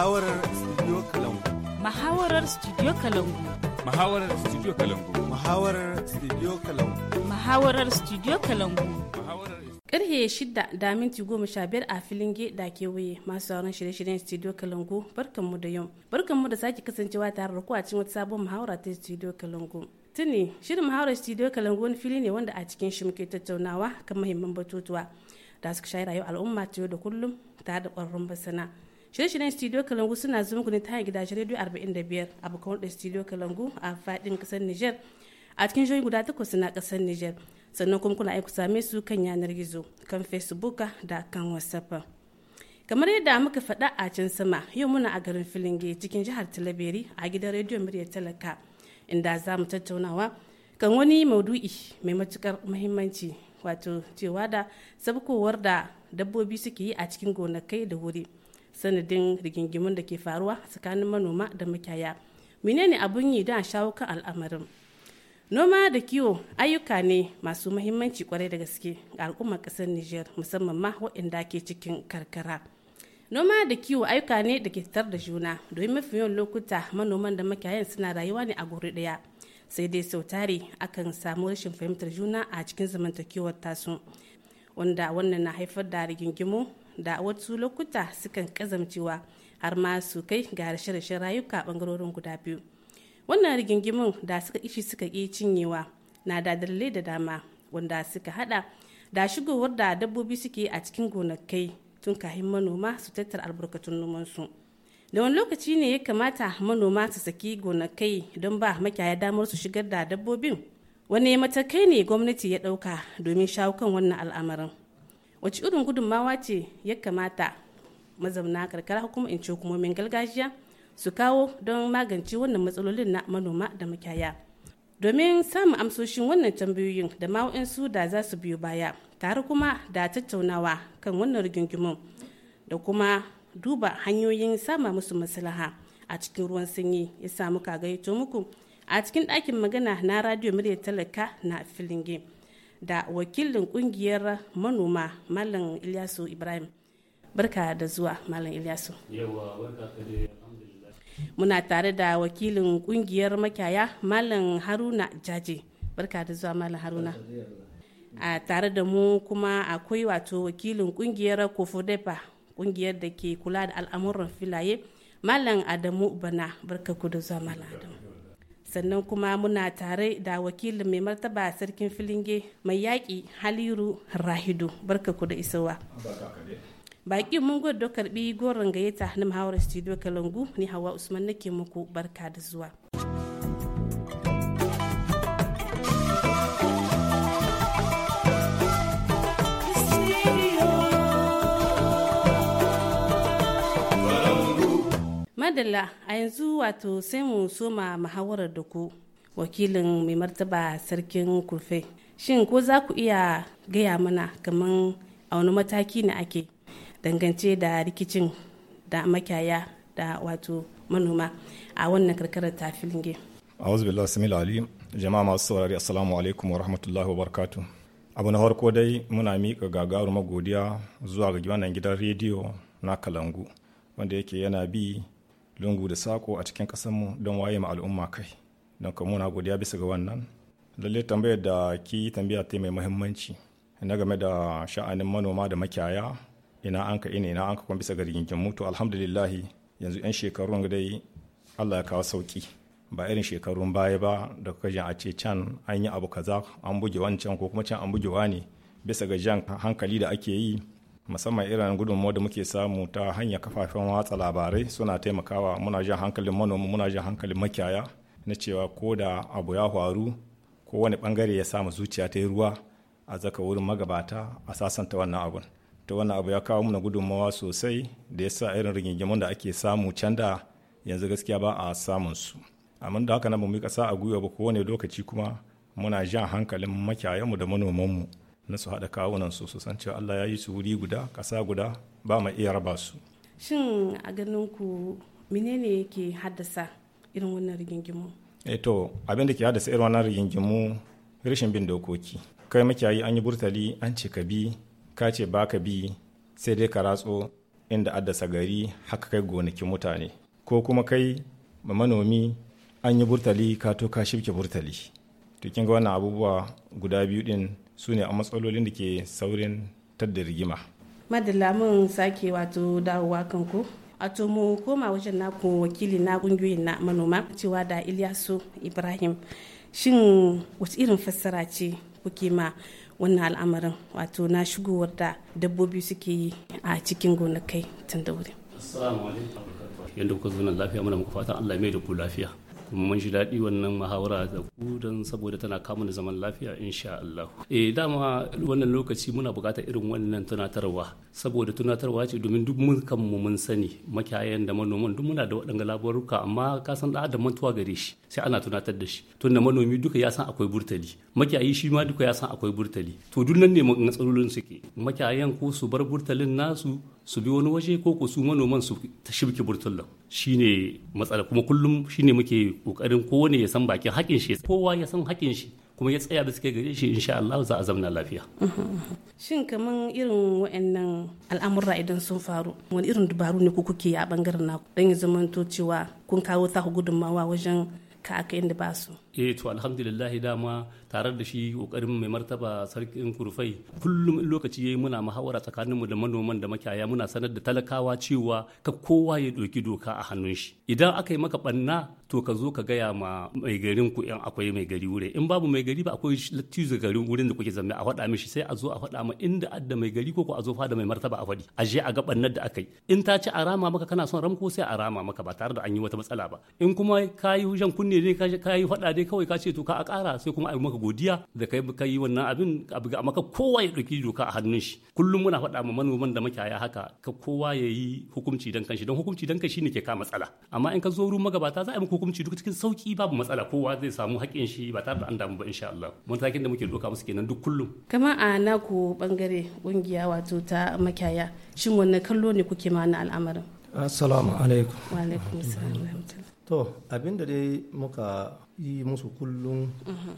Muhawarar Studio Kalangu. Muhawarar Studio Kalangu. Muhawarar Studio Kalangu. Muhawarar Studio Kalangu. Muhawarar Studio Kalangu. Karhe shida da minti goma sha biyar a filin da waye masu sauran shirye-shiryen Studio Kalangu barkanmu da yau. Barkanmu da sake kasancewa tare da ku a cikin wata sabon muhawara ta Studio Kalangu. Tuni shirin muhawarar Studio Kalangu wani fili ne wanda a cikin shi muke tattaunawa kan mahimman batutuwa da suka shayi rayuwar al'umma ta yau da kullum tare da ƙwararrun basana. shirye-shiryen studio kalangu suna zuwa ne ta hanyar gidajen rediyo 45 abokan wadda studio kalangu a fadin kasar niger a cikin jihohi guda takwas na kasar niger sannan kuma kuna aiki same su kan yanar gizo kan facebook da kan whatsapp kamar yadda muka faɗa a can sama yau muna a garin filinge cikin jihar talabiri a gidan rediyon murya talaka inda za mu tattaunawa kan wani maudu'i mai matukar muhimmanci wato cewa da sabkowar da dabbobi suke yi a cikin gonakai da wuri sanadin rigingimun da ke faruwa tsakanin manoma da makiyaya menene abun yi don a shawo kan al'amarin noma da kiwo ayyuka ne masu mahimmanci kwarai da gaske ga al'ummar ƙasar niger musamman ma waɗanda ke cikin karkara noma da kiwo ayyuka ne da ke fitar da juna domin mafi yawan lokuta manoman da makiyayan suna rayuwa ne a guri ɗaya sai dai sau tare akan samu rashin fahimtar juna a cikin zamantakewar tasu wanda wannan na haifar da rigingimu da wasu lokuta sukan kazamcewa har ma su kai ga rashe-rashen rayuka bangarorin guda biyu wannan rigingimin da suka ishi suka ƙi cinyewa na da dalilai da dama wanda suka hada da shigowar da dabbobi suke a cikin gonakai tun kahin manoma su tattara albarkatun nomansu da wani lokaci ne ya kamata manoma su saki gonakai don ba makiyaya damar su shigar da dabbobin wani matakai ne gwamnati ya ɗauka domin shawo kan wannan al'amarin wace irin gudunmawa ce ya kamata mazauna karkara kuma in ce hukumomin gargajiya su kawo don magance wannan matsalolin na manoma da makiyaya domin samun amsoshin wannan tambayoyin da ma'o'insu da za su biyo baya tare kuma da tattaunawa kan wannan rigingimin da kuma duba hanyoyin sama musu maslaha a cikin ruwan sanyi ya samu kagayyato muku a cikin ɗakin magana na radio murya talaka na filinge. da wakilin kungiyar manoma malam ilyasu ibrahim barka da zuwa malam ilyasu muna tare da wakilin kungiyar makyaya malam haruna jaje barka da zuwa malam haruna a tare da mu kuma akwai wato wakilin kungiyar kofodepa kungiyar da ke kula da al'amuran filaye malam adamu bana barka ku da zuwa malam adamu sannan kuma muna tare da wakilin mai martaba sarkin filinge mai yaƙi haliru rahidu barka ku da isowa baƙi mun gwada karbi goron gayyata na muhawar studio kalangu ni hawa usman nake muku barka da zuwa madalla a yanzu wato sai mu soma muhawarar da ku wakilin mai martaba sarkin kurfe shin ko za ku iya gaya mana kamar a wani mataki na ake dangance da rikicin da makiyaya da wato manoma a wannan karkarar ta filinge jama'a masu saurari assalamu alaikum wa rahmatullahi wa barkatu abu na farko dai muna miƙa gagarumar godiya zuwa ga wannan gidan rediyo na kalangu wanda yake yana bi lungu da sako a cikin ƙasarmu don waye ma al'umma kai don kuma muna godiya bisa ga wannan lalle tambayar da ki tambaya ta mai muhimmanci na game da sha'anin manoma da makiyaya ina an ka ina ina an ka kuma bisa ga rigingin mutu alhamdulillahi yanzu yan shekarun dai Allah ya kawo sauki ba irin shekarun baya ba da kuka jan a ce can an yi abu kaza an buge wancan ko kuma can an buge wani bisa ga jan hankali da ake yi musamman irin gudunmu da muke samu ta hanya kafafen watsa labarai suna taimakawa muna jan hankalin manoma muna jan hankalin makiyaya na cewa ko da abu ya faru ko wani bangare ya samu zuciya ta yi ruwa a zaka wurin magabata a sasanta wannan abun ta wannan abu ya kawo mana gudunmawa sosai da ya sa irin rigingimun da ake samu can da yanzu gaskiya ba a samun su amma da haka na ba mu yi kasa a gwiwa ba kowane lokaci kuma muna jan hankalin makiyayanmu da manomanmu na su haɗa kawunan su san cewa Allah ya yi su wuri guda ƙasa guda ba ma iya raba su shin a ganin ku menene yake haddasa irin wannan rigingimu e to abin da ke haddasa irin wannan rigingimu rashin bin dokoki kai makiyayi an yi burtali an ce ka bi ka ce ba ka bi sai dai ka ratso inda addasa gari haka kai gonakin mutane ko kuma kai manomi an yi burtali ka to ka shibke burtali to kin ga wannan abubuwa guda biyu din su ne a matsalolin da ke saurin tadda rigima madalla mun sake wato dawowa kanku a to mu koma wajen naku wakili na kungiyoyin na manoma cewa da ilyasu ibrahim shin wasu irin fassara ce kuke ma wannan al'amarin wato na shigowar da dabbobi suke yi a cikin gonakai tun da wuri assalamu alaikum yadda kuka zo nan lafiya muna muku fatan allah mai da ku lafiya mun ji daɗi wannan muhawara da ku don saboda tana kamun da zaman lafiya insha Allah eh dama wannan lokaci muna buƙatar irin wannan tunatarwa saboda tunatarwa ce domin duk mun mu mun sani makiyayan da manoman duk muna da waɗanga labaruka amma ka san da adam mantuwa gare shi sai ana tunatar da shi tunda manomi duka ya san akwai burtali makiyayi shi ma duka ya san akwai burtali to duk nan ne matsalolin suke makiyayan ko su bar burtalin nasu su bi wani waje ko su manoman su ta shibke shi shine matsala kuma kullum shine muke kokarin kowane ya san bakin hakin shi kowa ya san hakin shi kuma ya tsaya da suke gare shi insha Allah za a zamna lafiya shin kaman irin waɗannan al'amurra idan sun faru wani irin dubaru ne ku kuke a bangaren naku dan ya zamanto cewa kun kawo ta gudunmawa wajen ka aka inda ba su e to alhamdulillah dama tare da shi kokarin mai martaba sarkin kurfai kullum in lokaci yayi muna muhawara tsakanin mu da manoman da makiyaya muna sanar da talakawa cewa ka kowa ya doki doka a hannun shi idan aka yi maka banna to ka zo ka gaya ma mai garin ku in akwai mai gari wurin in babu mai gari ba akwai lattizo garin wurin da kuke zama a faɗa mishi sai a zo a faɗa ma inda adda mai gari ko ko a zo fada mai martaba a faɗi a je a ga bannar da aka yi in ta ci a rama maka kana son ramko sai a rama maka ba tare da an yi wata matsala ba in kuma ka yi hujan kunne ne ka yi faɗa dai kawai ka ce to ka a ƙara sai kuma a yi maka godiya da kai ka yi wannan abin abu ga maka kowa ya ɗauki doka a hannun shi kullum muna faɗa ma manoman da makiyaya haka ka kowa ya yi hukunci dan kanshi don hukunci dan kanshi ne ke ka matsala amma in ka zo ruwan magabata za a yi maka hukunci duk cikin sauki babu matsala kowa zai samu haƙƙin shi ba tare da an damu ba insha Allah matakin da muke doka musu kenan duk kullum kamar a naku bangare kungiya wato ta makiyaya shin wannan kallo ne kuke ma na al'amarin assalamu alaikum to abinda dai muka yi musu kullum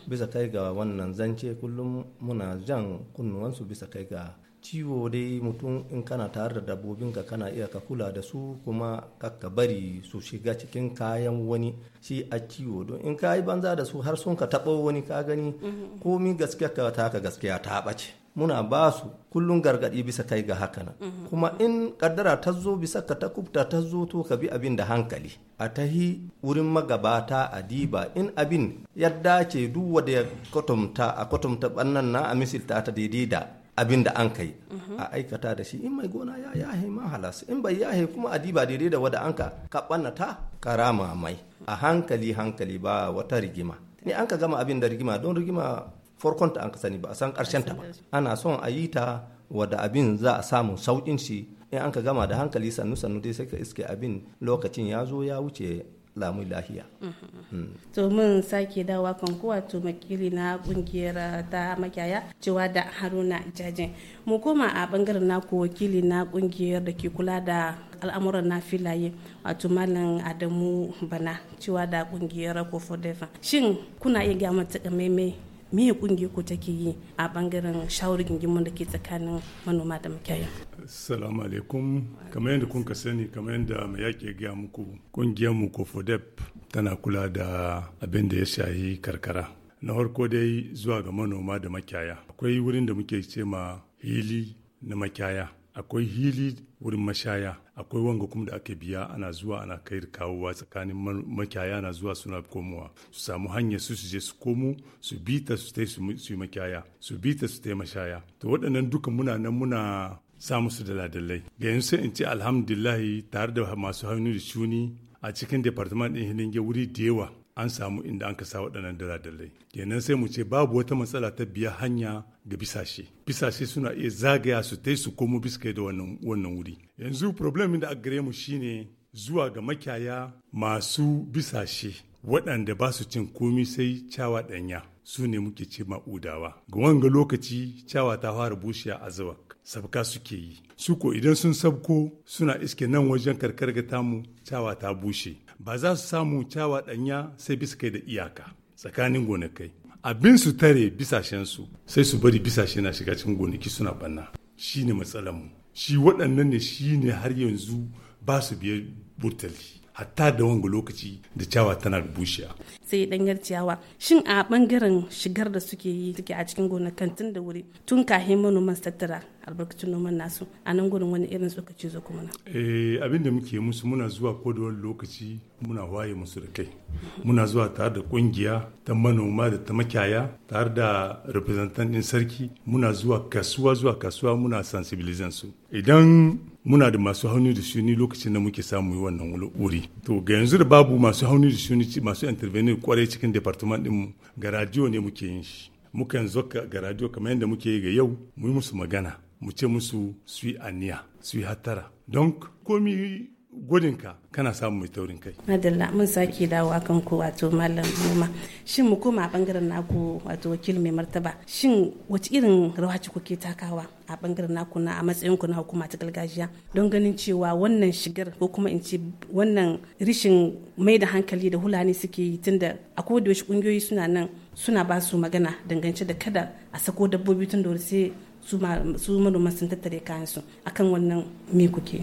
bisa kai ga wannan zance kullum muna jan kunnuwansu bisa kai ga ciwo dai mutum in kana tare da dabbobin ka kana iya ka kula da su kuma ka bari su shiga cikin kayan wani shi a ciwo don in ka yi banza da su har sun ka taɓo wani ka gani komi gaskiya ka ta gaskiya ta ɓace muna ba su kullum gargaɗi bisa kai ga haka hakanan mhm. kuma in kaddara ta zo bisa ka ta kubta ta zo to ka bi abin da hankali a tahi wurin magabata a diba in abin ya dace duk wanda ya kwatanta a kwatanta bannan na a misilta ta daidai da abin da an kai mhm. a aikata da shi in mai gona ya yahe ma halas in bai yahe kuma a diba daidai da wada an ka kaɓannata karama mai a hankali hankali ba wata rigima ni an ka gama abin da rigima don rigima farkon ta an ka sani ba a san karshen ta ba ana son a yi ta wada abin za a samu saukin shi in an ka gama da hankali sannu sannu dai sai ka iske abin lokacin ya zo ya wuce lamun lahiya. Mm-hmm. Mm. To mun sake dawa kan kowa to makili na kungiyar uh, ta makiyaya cewa da Haruna Jajin. Mu koma a bangaren naku wakili na kungiyar da ke kula da al'amuran na filaye wato malam Adamu Bana cewa da kungiyar Defa. Shin kuna iya gama takamaimai me kungiyar ku take yi a bangaren shawarar gingimin da ke tsakanin manoma da makiyaya assalamu alaikum kamar yadda kun ka sani kamar yadda mai yaƙi gaya muku kungiyar mu kofodep tana kula da abin da ya shayi karkara na farko dai zuwa ga manoma da makiyaya akwai wurin da muke ce ma hili na makiyaya akwai hili wurin mashaya akwai wanga kuma da ake biya ana zuwa ana kai kawowa tsakanin makiyaya na zuwa suna komowa su samu hanyar su su je su komo su bi ta su tai su yi makiyaya su bi ta su tai mashaya to waɗannan duka muna nan muna sa musu da ladalai. ga yanzu sai in ce alhamdulillahi tare da masu hannu da shuni a cikin departament ɗin hilinge wuri da yawa an samu inda an kasa waɗannan daladalai kenan sai mu ce babu wata matsala ta biya hanya ga bisashe bisashe suna iya zagaya su tai su komo biska da wannan wuri yanzu problemin da gare mu shine zuwa ga makiyaya masu bisashe waɗanda ba su cin komi sai cawa ɗanya su ne muke ce ma udawa ga wanga lokaci cewa ta fara bushiya a zuwa sabka suke yi su ko idan sun sabko suna iske nan wajen karkar ga tamu cewa ta bushe ba za su samu cewa danya sai bisa kai da iyaka tsakanin gonakai abin su tare bisashen su. sai su bari bisashe na shiga cikin gonaki suna banna shine ne mu shi waɗannan ne shine har yanzu ba su biye burtali hatta da wanga lokaci da ciyawa tana da bushiya. sai ɗanyar ciyawa shin a bangaren shigar da suke yi suke a cikin gonakan kantin da wuri tun kahin manoman tattara albarkacin noman nasu a nan gurin wani irin tsokaci zo kuma na. Eh, abin da muke musu muna zuwa ko da wani lokaci muna waye musu da kai muna zuwa tare da kungiya ta manoma da ta makiyaya tare da representant din sarki muna zuwa kasuwa zuwa kasuwa muna sensibilizan su idan muna da masu hannu da shuni lokacin da muke samu wannan wuri to ga yanzu da babu masu hannu da shuni masu intervenir kwarai cikin department din ga radio ne muke yin shi mukan yanzu ga radio kamar yadda muke yi ga yau mu yi musu magana mu ce musu su yi aniya su yi hatara don komi gudunka kana samun mai taurin kai. Madalla mun sake dawo kan ku wato malam noma shin mu koma a bangaren naku wato wakil mai martaba shin wace irin rawa ce kuke takawa a bangaren naku na a matsayin ku na hukuma ta gargajiya don ganin cewa wannan shigar ko kuma in ce wannan rishin mai da hankali da hulani suke yi tunda a koda wasu kungiyoyi suna nan suna ba su magana dangance da kada a sako dabbobi tun da su manoman sun tattare kayan su akan wannan me kuke.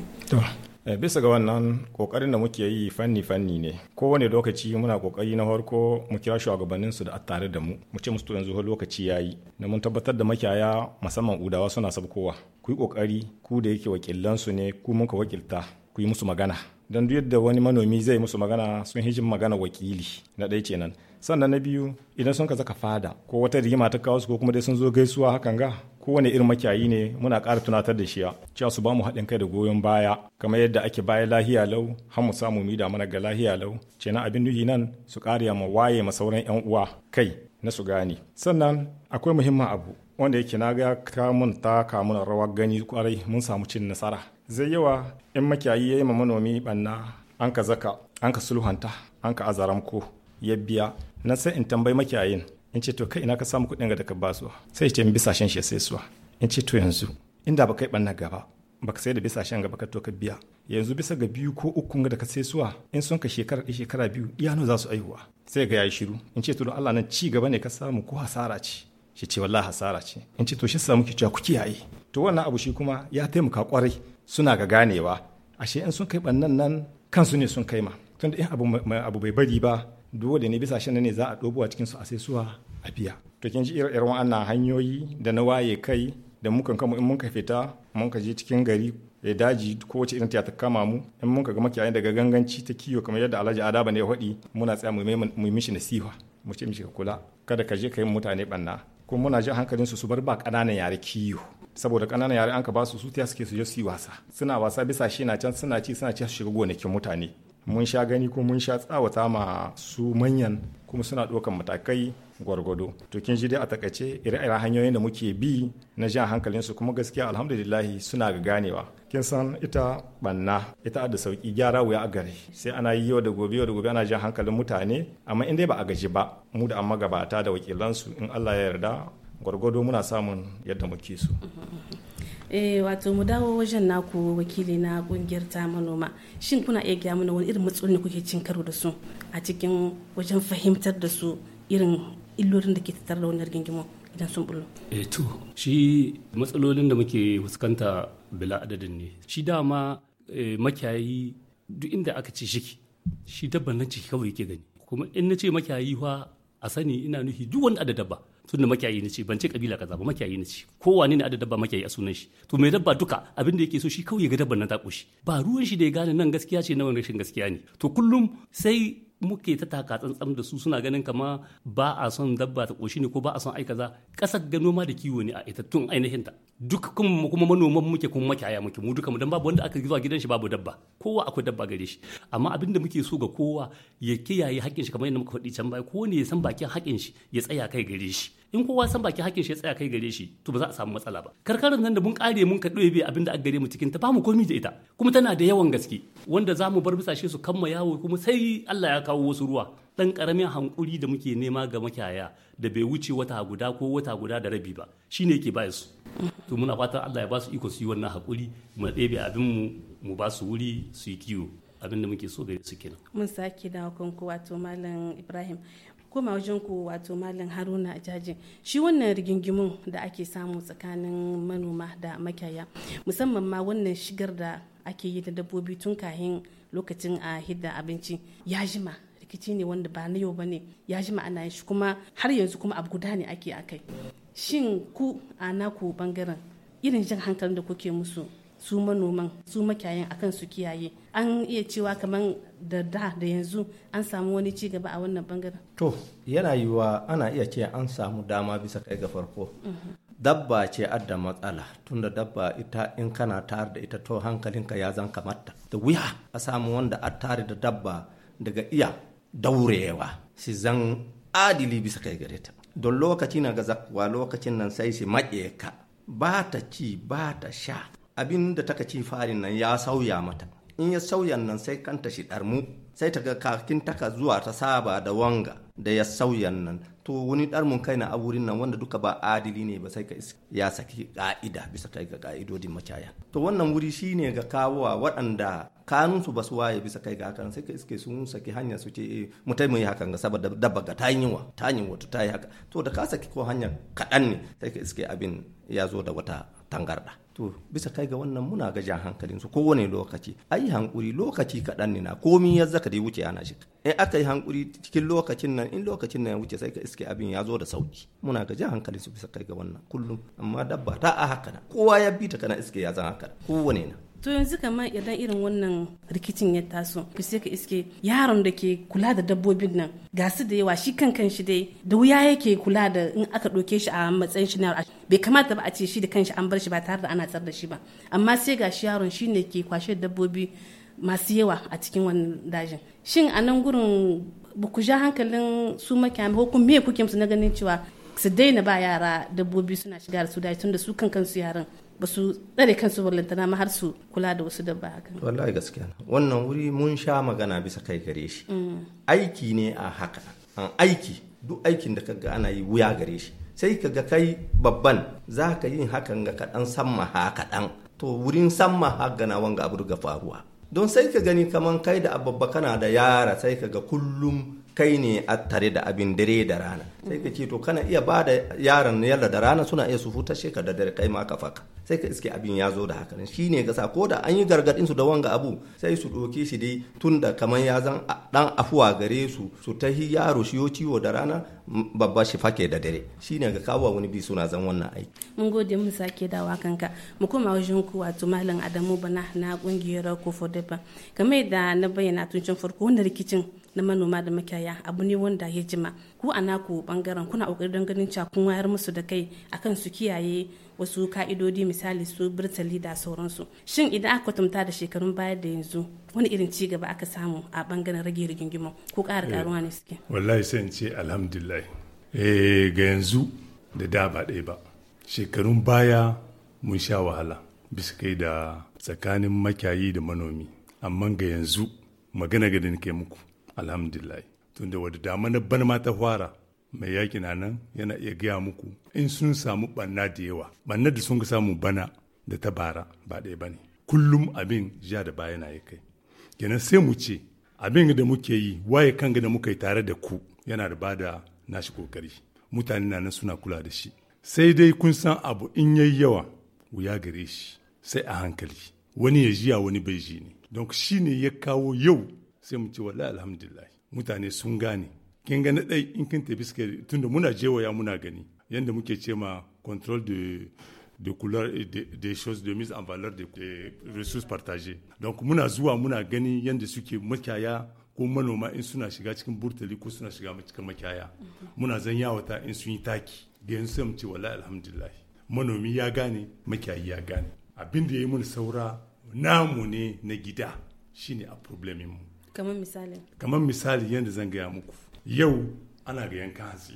Eh, bisa ga wannan kokarin da muke yi fanni-fanni ne kowane lokaci muna kokari na farko mu kira shugabannin su da tare da mu mu ce musu to yanzu lokaci yayi na mun tabbatar da makiyaya musamman udawa suna sabkowa ku yi kokari ku da yake wakillan su ne ku mun ka wakilta ku yi musu magana don duk yadda wani manomi zai musu magana sun hijin magana wakili na ɗaya kenan sannan na biyu idan sun ka zaka fada ko wata rigima ta kawo su ko kuma dai sun zo gaisuwa hakan ga kowane irin makiyayi ne muna ƙara tunatar da shi cewa su ba mu haɗin kai da goyon baya kamar yadda ake baya lahiya lau har mu samu mu da mana ga lahiya lau na abin duhi nan su ƙariya ma waye ma sauran yan uwa kai na su gane sannan akwai muhimmin abu wanda yake na ga kamun ta kamun rawar gani kwarai mun samu cin nasara zai yawa in makiyayi ya yi ma manomi banna an ka zaka an ka sulhanta an ka azaramko ya biya na sai in tambayi makiyayin in ce to kai ina ka samu kuɗin ga daga basu sai ce in bisashen shi sai suwa in ce to yanzu inda ba kai banna gaba ba ka sai da bisashen gaba ka to ka biya yanzu bisa ga biyu ko uku ga daga sai suwa in sun ka shekara ɗaya shekara biyu iyano za su aihuwa sai ga yi shiru in ce to don Allah nan ci gaba ne ka samu ko hasara ce shi ce wallahi hasara ce in ce to shi samu ki cewa ku kiyaye to wannan abu shi kuma ya taimaka kwarai suna ga ganewa ashe in sun kai bannan nan kansu ne sun kai ma tunda in abu bai bari ba dole ne bisa shi ne za a dobuwa a cikin su a sai suwa a biya to kin ji irin wannan hanyoyi da na waye kai da mukan kama in mun ka fita mun ka je cikin gari ya eh, daji ko wace irin ta kama mu in mun ka ga makiyayin daga ganganci ta kiyo kamar yadda Alhaji Adaba ne ya faɗi muna tsaya mu mishi nasiha mu ce mishi ka kula kada ka je ka yi mutane banna ko muna jin hankalin su su bar ba ƙananan yare kiyo saboda ƙananan yare an ka ba su su ta suke su je su yi wasa suna wasa bisa shi na can suna ci suna ci su shiga gonakin mutane mun sha gani ko mun sha tsawata ma su manyan kuma suna ɗaukan matakai gwargwado to kin ji dai a takaice ire-iren hanyoyin da muke bi na jan hankalin su kuma gaskiya alhamdulillahi suna ga ganewa kin san ita banna ita da sauki gyara wuya a gare sai ana yi yau da gobe yau da gobe ana jan hankalin mutane amma in dai ba a gaji ba mu da amma gabata da wakilansu in Allah ya yarda gwargwado muna samun yadda muke so eh wato mu dawo wajen naku wakili na kungiyar ta manoma shin kuna iya gaya mana wani irin matsaloli kuke cin karo da su a cikin wajen fahimtar da su irin illolin da ke tattare da wannan rigingimu idan sun bullo eh to shi matsalolin da muke fuskanta bila adadin ne shi dama eh, makiyayi duk inda aka ce shiki shi dabban nan ciki kawai yake gani kuma in na ce makiyayi fa a sani ina nufi duk wani adadaba tunda makiyayi ne ce ban ce kabila kaza ba makiyayi ne ce kowane ne adadin dabba makiyayi a sunan shi to mai dabba duka abin da yake so shi kawai ya ga dabban nan ta koshi ba ruwan shi da ya gane nan gaskiya ce nan rashin gaskiya ne to kullum sai muke ta taka tsantsam da su suna ganin kama ba a son dabba ta koshi ne ko ba a son aikaza kasar ga noma da kiwo ne a ita ainihin ta duk kuma manoman muke kuma makiyaya muke mu duka mu dan babu wanda aka zuwa gidan shi babu dabba kowa akwai dabba gare shi amma abin da muke so ga kowa ya kiyaye haƙƙin shi kamar yadda muka faɗi can baya ko ne ya san bakin haƙƙin shi ya tsaya kai gare shi in kowa san baki hakin shi ya tsaya kai gare shi to ba za a samu matsala ba karkarar nan da mun kare mun ka ɗoye abin da aka gare mu cikin ta bamu komi da ita kuma tana da yawan gaske wanda za mu bar bisashe su kamma yawo kuma sai Allah ya kawo wasu ruwa dan karamin hankuri da muke nema ga makiyaya da bai wuce wata guda ko wata guda da rabi ba shine yake ba su to muna fatan Allah ya ba su iko su yi wannan hakuri mu ɗebe abin mu mu ba su wuri su yi kiwo abin da muke so gare su kenan mun sake wato malam Ibrahim koma wajen ku wato malam haruna jajin shi wannan rigingimun da ake samu tsakanin manoma da makiyaya musamman ma wannan shigar da ake yi da dabbobi tun kahin lokacin a hidda abinci ya jima rikici ne wanda ba na yau ba ne ya jima ana yin shi kuma har yanzu kuma abu guda ne ake akai shin ku a naku bangaren irin jan hankalin da kuke musu su manoman su makiyayan akan su kiyaye an iya cewa kamar da da da yanzu an samu wani ci gaba a wannan bangaren to yana yiwuwa ana iya ce an samu dama bisa kai ga farko mhm. dabba ce adda matsala tunda dabba ita in kana tare da ita to hankalinka ya zan kamata da wuya a samu wanda a tare da dabba daga iya daurewa shi zan adili bisa kai gare ta don lokaci na ga zakwa lokacin nan sai shi maƙe ka ba ta ci ba ta sha abin da ta kaci farin nan ya sauya mata in ya sauya nan sai kanta shi ɗarmu sai ta ga kakin taka zuwa ta saba da wanga da ya sauya nan to wani ɗarmun kai na a wurin nan wanda duka ba adili ne ba sai ka ya saki ka'ida bisa kai ga ka'idodin macaya to wannan wuri shine ga kawowa waɗanda kanun su basu waye bisa kai ga hakan sai ka iske sun saki hanya su ce eh, mu tai yi hakan ga saboda dabba ga tayin yiwa tayin wato tayi haka to da ka saki ko hanya kaɗan ne sai ka iske abin ya zo da wata tangarɗa to bisa kai ga wannan muna ga jan hankalin kowane lokaci ai hankuri lokaci kaɗan ne na komi ya zaka dai wuce ana shi in aka yi hankuri cikin lokacin nan in lokacin nan ya wuce sai ka iske abin ya zo da sauki muna ga jan bisa kai ga wannan kullum amma dabba ta a haka kowa ya bi ta kana iske ya zan haka kowane na to yanzu kamar idan irin wannan rikicin ya taso ku sai ka iske yaron da ke kula da dabbobin nan ga su da yawa shi kan shi dai da wuya yake kula da in aka ɗauke shi a matsayin shi na bai kamata ba a ce shi da kanshi an bar shi ba tare da ana tsar da shi ba amma sai ga shi yaron shi ne ke kwashe dabbobi masu yawa a cikin wannan dajin shin a nan gurin ba ku ja hankalin su makiyami ko kuma me kuke musu na ganin cewa su daina ba yara dabbobi suna shiga da su daji tunda su kankan su yaran ba su tsare kansu ballantana ma har su kula da wasu dabba haka wallahi gaskiya wannan wuri mun sha magana bisa kai gare shi mm. aiki ne a haka an aiki duk aikin da kaga ana yi wuya gare shi sai ka ga kai babban za ka yi hakan ga kaɗan samma ha kaɗan to wurin samma ha gana wanga abu ga faruwa don sai ka gani kaman kai da ababba kana da yara sai ka ga kullum kai ne a tare da abin dare da rana sai ka ce to kana iya ba da yaran yalla da rana suna iya su futa shekar da dare kai ma ka faka sai ka iske abin ya zo da haka shi shine gasa ko da an yi gargadin su da wanga abu sai su doke shi dai tun da kamar ya zan dan afuwa gare su su tahi yaro shi ciwo da rana babba shi fake da dare shine ga kawo wani bi suna zan wannan aiki mun gode mu sake dawa kanka mu koma wajen ku wato malam Adamu Bana na kungiyar Kofo Deba kamar da na bayyana tun farko wannan rikicin na manoma da makiyaya abu ne wanda ya jima ku a naku bangaren kuna kokari don ganin cewa kun wayar musu da kai akan su kiyaye wasu ka'idodi misali su birtali da sauransu shin idan aka kwatanta da shekarun baya da yanzu wani irin ci gaba aka samu a bangaren rage rigingimu ko ƙara karuwa eh, ne suke wallahi sai in ce alhamdulillah eh ga yanzu da da ba ɗaya ba shekarun baya mun sha wahala bisa kai da tsakanin makiyayi da manomi amma ga yanzu magana ga da nake muku alhamdulillah tunda wadda dama na bana ma ta fara mai yaƙi na nan yana iya gaya muku in sun samu banna da yawa banna da sun ga samu bana da ta bara ba ɗaya ba ne kullum abin ja da baya na ya kai kenan sai mu ce abin da muke yi waye kan da muka yi tare da ku yana da ba da nashi kokari mutane na nan suna kula da shi sai dai kun san abu in yayi yawa wuya gare shi sai a hankali wani ya jiya wani bai ji ne don shi ne ya kawo yau sai mu ce wallahi alhamdulillah mutane sun gane kin ga na dai in kin tafi suka tunda muna ya muna gani yanda muke ce ma control de de couleur et de, des choses de mise en valeur des, de ressources partagées donc muna zuwa muna gani yanda suke makaya ko manoma in suna shiga cikin burtali ko suna shiga cikin makaya muna zan yawata in sun yi taki da yanzu sai mu ce wallahi alhamdulillah manomi ya gane makiyayi ya gane abin da ya yi mun saura namu ne na gida shine a problemin mu kamar misali kamar misali yadda zan gaya muku yau ana ga yanka hatsi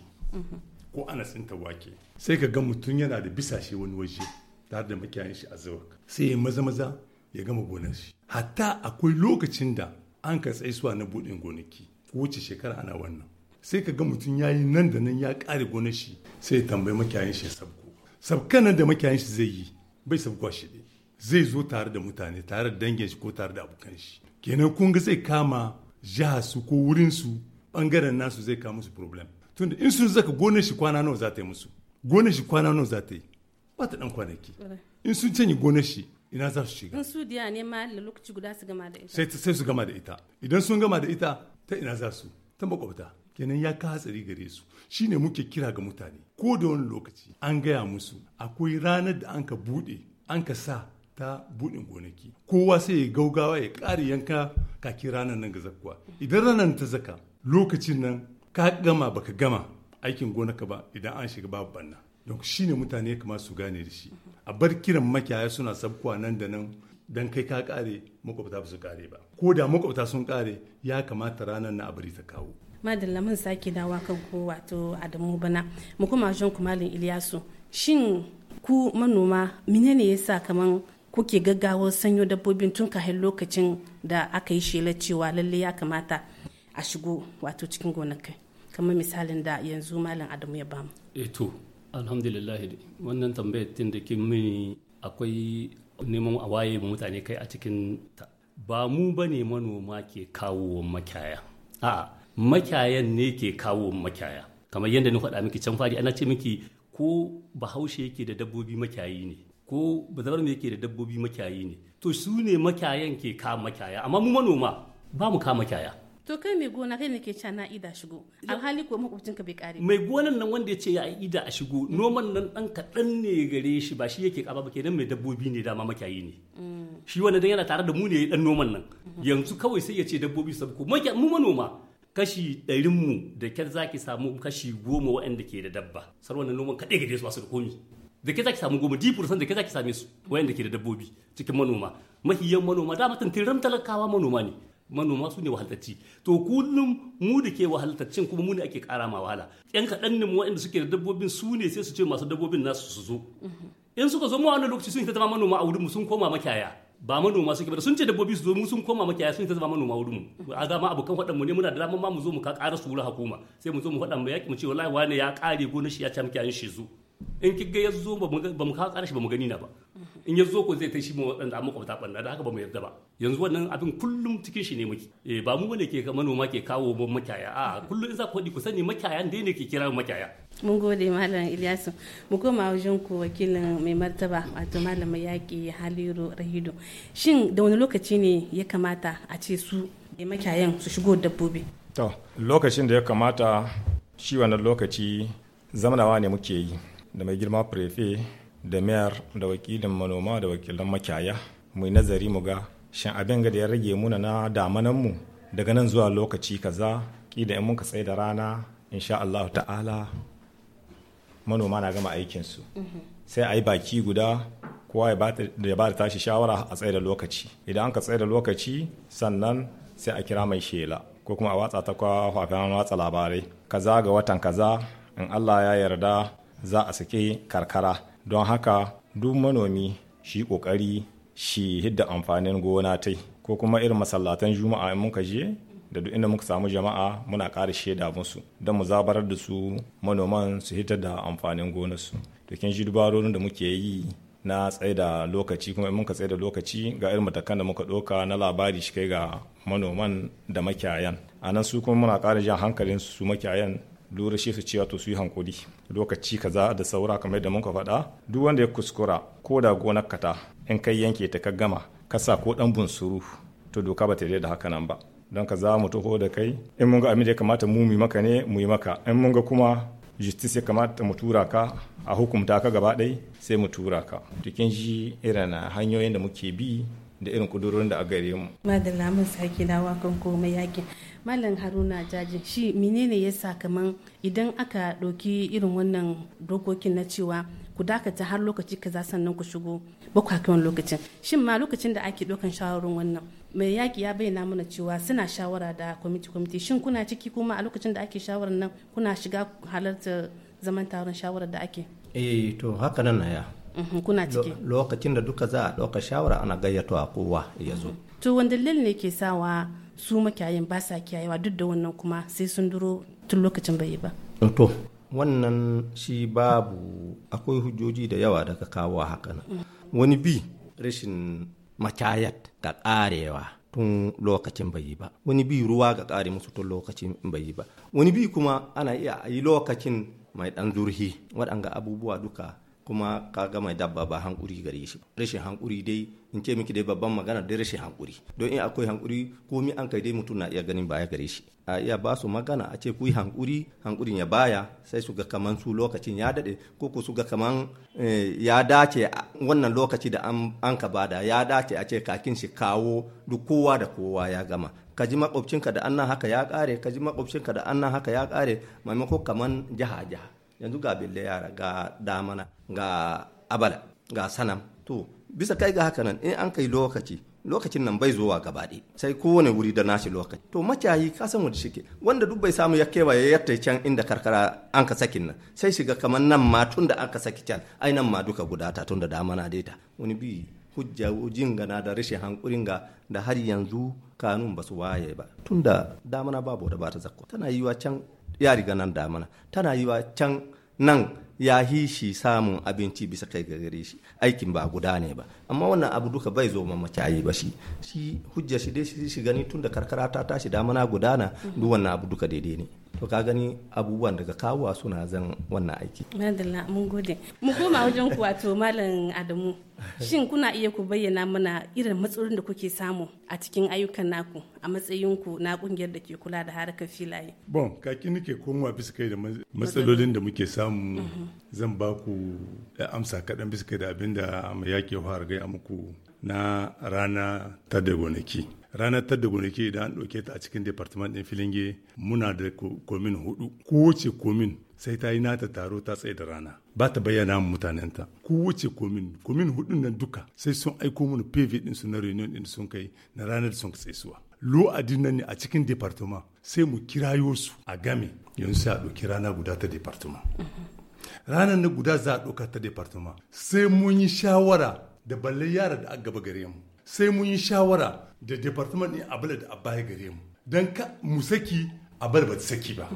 ko ana tsinta wake sai ka ga mutum yana da bisa bisashe wani waje tare da makiyayin shi a zuwa sai ya maza maza ya gama gonar shi hatta akwai lokacin da an ka tsaisuwa na buɗin gonaki wuce shekara ana wannan sai ka ga mutum ya yi nan da nan ya ƙare gonar shi sai ya tambayi makiyayin shi sabko sabkan nan da makiyayin shi zai yi bai sabkwa shi zai zo tare da mutane tare da dangin shi ko tare da abokan shi kenan kun ga zai kama jihar su ko wurin su bangaren nasu zai kama musu problem tunda in sun zaka gonar shi kwana nawa za ta yi musu gonar shi kwana nawa za ta yi ba ta dan kwanaki in sun canye gonar shi ina za su shiga in su diya ne ma da lokaci guda su gama da ita sai su gama da ita idan sun gama da ita ta ina za su ta makwabta kenan ya ka hatsari gare su shine muke kira ga mutane ko da wani lokaci an gaya musu akwai ranar da an ka buɗe an ka sa ta buɗe gonaki kowa sai ya gaugawa ya ƙari yanka kaki ranar nan ga zakkuwa idan ranar ta zaka lokacin nan ka gama baka gama aikin gonaka ba idan an shiga babu banna don shi ne mutane kamar su gane da shi a bar kiran makiyaya suna sabkuwa nan da nan dan kai ka kare makwabta ba su kare ba ko da makwabta sun kare ya kamata ranar na a bari ta kawo madalla mun sake dawa kan ko wato adamu bana mu kuma jan kumalin iliyasu shin ku manoma menene yasa kaman kuke gaggawar sanyo dabbobin tun kahin lokacin da aka yi shelar cewa lalle ya kamata a shigo wato cikin gonakai kamar misalin da yanzu malam adamu ya bamu eto eh alhamdulillah wannan tambayar tun da kin mini akwai neman a waye mutane kai a cikin ta ba mu ba ne manoma ke kawo makiyaya a makiyayan ne ke kawo makiyaya kamar yadda na faɗa miki can fari ana ce miki ko bahaushe yake da dabbobi makiyayi ne ko zama me yake da dabbobi makiyayi ne to su ne makiyayan ke kama makiyaya amma mu manoma ba mu kama makiyaya to kai mai gona kai ne ke cewa na ida shigo alhali ko makwabcin ka bai kare mai gonan nan wanda ya ce ya ida a shigo noman nan dan kaɗan ne gare shi ba shi yake kaba ba kenan mai dabbobi ne dama makiyayi ne mm. shi wannan dan yana tare da mu ne dan noman nan mm-hmm. yanzu kawai sai ya ce dabbobi sabko mu manoma kashi ɗarin mu da kyar zaki samu kashi goma waɗanda ke da dabba sarwan noman kaɗai gare su ba su da komi da ke zaki samu goma dipursan da ke zaki same su da ke da dabbobi cikin manoma mahiyan manoma dama tantiran talakawa manoma ne manoma su ne wahaltacci to kullum mu da ke wahaltaccin kuma mu ne ake kara ma wahala yan kaɗan ne waɗanda suke da dabbobin su ne sai su ce masu dabbobin nasu su zo in suka zo mu a wannan lokaci sun ta zama manoma a wurin mu sun koma makiyaya ba manoma suke ba sun ce dabbobi su zo mu sun koma makiyaya sun ta zama manoma wurin mu a zama abokan faɗan mu ne muna da dama ma mu zo mu ka ƙara su wurin hukuma sai mu zo mu faɗa mu yaki mu ce wallahi wane ya ƙare gona shi ya ci makiyayan shi zo in ki ga yazo ba mu kawo shi ba mu gani na ba in ya ko zai ta shi mu wadanda amma makwabta da haka ba mu yarda ba yanzu wannan abin kullum cikin shi ne muke eh, ba mu bane ke manoma ke kawo mu makiyaya a kullum in za ku faɗi ku sani makiyayan dai ne ke kira makiyaya mun gode malam ilyasu mu koma wajen ku wakilin mai martaba wato malama yaki haliru rahido shin da wani lokaci ne ya kamata a ce su makiyayan su shigo dabbobi to lokacin da ya kamata shi wannan lokaci zamanawa ne muke yi da mai girma prefe da mayar da wakilin manoma da wakilan makiyaya mu nazari mu ga shin abin ga da ya rage muna na damanan mu daga nan zuwa lokaci kaza da in muka tsaye da rana insha Allah ta'ala manoma na gama aikin su sai a yi baki guda kowa ya ba da tashi shawara a tsaye da lokaci idan ka tsaye da lokaci sannan sai a kira mai shela ko kuma a watsa ta kwa watsa labarai kaza ga watan kaza in Allah ya yarda za a sake karkara don haka duk manomi shi kokari shi hidda amfanin gona tai ko kuma irin masallatan juma'a in muka je da duk inda muka samu jama'a muna ƙara shaida musu don mu zabarar da su manoman su hitar da amfanin gonarsu to kin ji dubarorin da muke yi na tsaida lokaci kuma in muka tsaida lokaci ga irin matakan da muka ɗauka na labari shi kai ga manoman da makiyayan a nan su kuma muna ƙara jan hankalin su makiyayan lura shi su cewa to su yi hankuli lokaci kaza da saura kamar da muka faɗa duk wanda ya kuskura ko da gonar kata in kai yanke ta ka gama ka sa ko dan bunsuru to doka ba ta da haka nan ba don ka za mu taho da kai in mun ga abin da ya kamata mu yi maka ne mu yi maka in mun ga kuma justice ya kamata mu tura ka a hukumta ka gaba ɗai sai mu tura ka cikin shi irin hanyoyin da muke bi da irin kudurorin da a gare mu. Madalla mun sake dawa kan komai yakin malam haruna jaji shi menene ya sa kaman idan aka ɗauki irin wannan dokokin na cewa ku dakata har lokaci kaza sannan ku shigo ba lokacin shin ma lokacin da ake ɗaukan shawarun wannan mai yaƙi ya bayyana mana cewa suna shawara da kwamiti kwamiti shin kuna ciki kuma a lokacin da ake shawarar nan kuna shiga halarta zaman taron shawarar da ake eh to haka nan na ya mhm, kuna ciki lokacin da duka za a ɗauka shawara ana gayyato a kowa ya zo mhm. to wanda ne ke sawa su makiyayin ba sa kiyayewa duk da wannan kuma sai sun duro tun lokacin bai ba to wannan shi babu akwai hujjoji da yawa daga kawo haka nan mm. wani bi rashin makiyayat ga karewa tun lokacin bai yi ba wani bi ruwa ga kare musu tun lokacin bai yi ba wani bi kuma ana iya yi lokacin mai dan zurhi waɗanga abubuwa duka kuma ka ga mai dabba ba hankuri gare shi rashin hankuri dai in ce miki dai babban magana da rashin hankuri don in akwai hankuri komi an kai dai mutum na iya ganin baya gare shi a iya ba su magana a ce ku yi hankuri hankurin ya baya sai su ga kaman su lokacin ya dade ko ku su ga kaman eh, ya dace wannan lokaci da an ka bada ya dace a ce kakin shi kawo duk kowa da kowa ya gama ka ji makwabcinka da annan haka ya kare ka ji makwabcinka da annan haka ya kare maimako kaman jaha jaha yanzu ga bille yara ga damana ga abala ga sanam to bisa kai ga haka nan in an kai lokaci lokacin nan bai zuwa gabaɗe sai kowane wuri da nashi lokaci to macayi ka san wanda shike wanda duk bai samu ya kewa ya yatta can inda karkara an ka sakin nan sai shiga kamar nan ma tun da aka saki can ai nan ma duka gudata tun da damana daita wani bi hujja jinga na da rashin hankurin ga da har yanzu kanun ba su waye ba tun da damana babu da ba ta zakko tana yiwa can ya riga nan damana tana yiwa can nan ya hi shi samun abinci bisa kai gare shi aikin ba guda ne ba amma wannan abu duka bai zo ma makiyayi ba shi shi hujja shi dai shi gani tun da karkara ta tashi damana gudana duk wannan abu duka daidai ne to ka gani abubuwan daga kawuwa suna zan wannan aiki madalla mun gode mu koma wajen ku wato malam adamu shin kuna iya ku bayyana mana irin matsalolin da kuke samu a cikin ayyukan naku a matsayinku na kungiyar da ke kula da harkar filaye bon kaki nake komawa bisa kai da matsalolin da muke samu mhm. zan baku ku eh, amsa kaɗan bisa kai da abinda da mai yake fara gaya muku na rana ta da gonaki ranar ta da gonaki idan an ɗauke ta a cikin Departement ɗin filinge muna da komin hudu kowace komin sai ta yi nata taro ta tsaye da rana ba ta bayyana mu ta. kowace komin komin hudun nan duka sai sun aiko mana pv ɗin su na reunion din sun kai na ranar sun tsaye suwa lo'adin nan ne a cikin Departement sai mu kirayo su a game yanzu sai a ɗauki rana guda ta Departement. Mm-hmm. ranar na guda za a ɗauka ta Departement sai mun yi shawara da balle yara da gare mu sai mun yi shawara da department ɗin abala da abaya gare mu don ka mu saki abala ba saki ba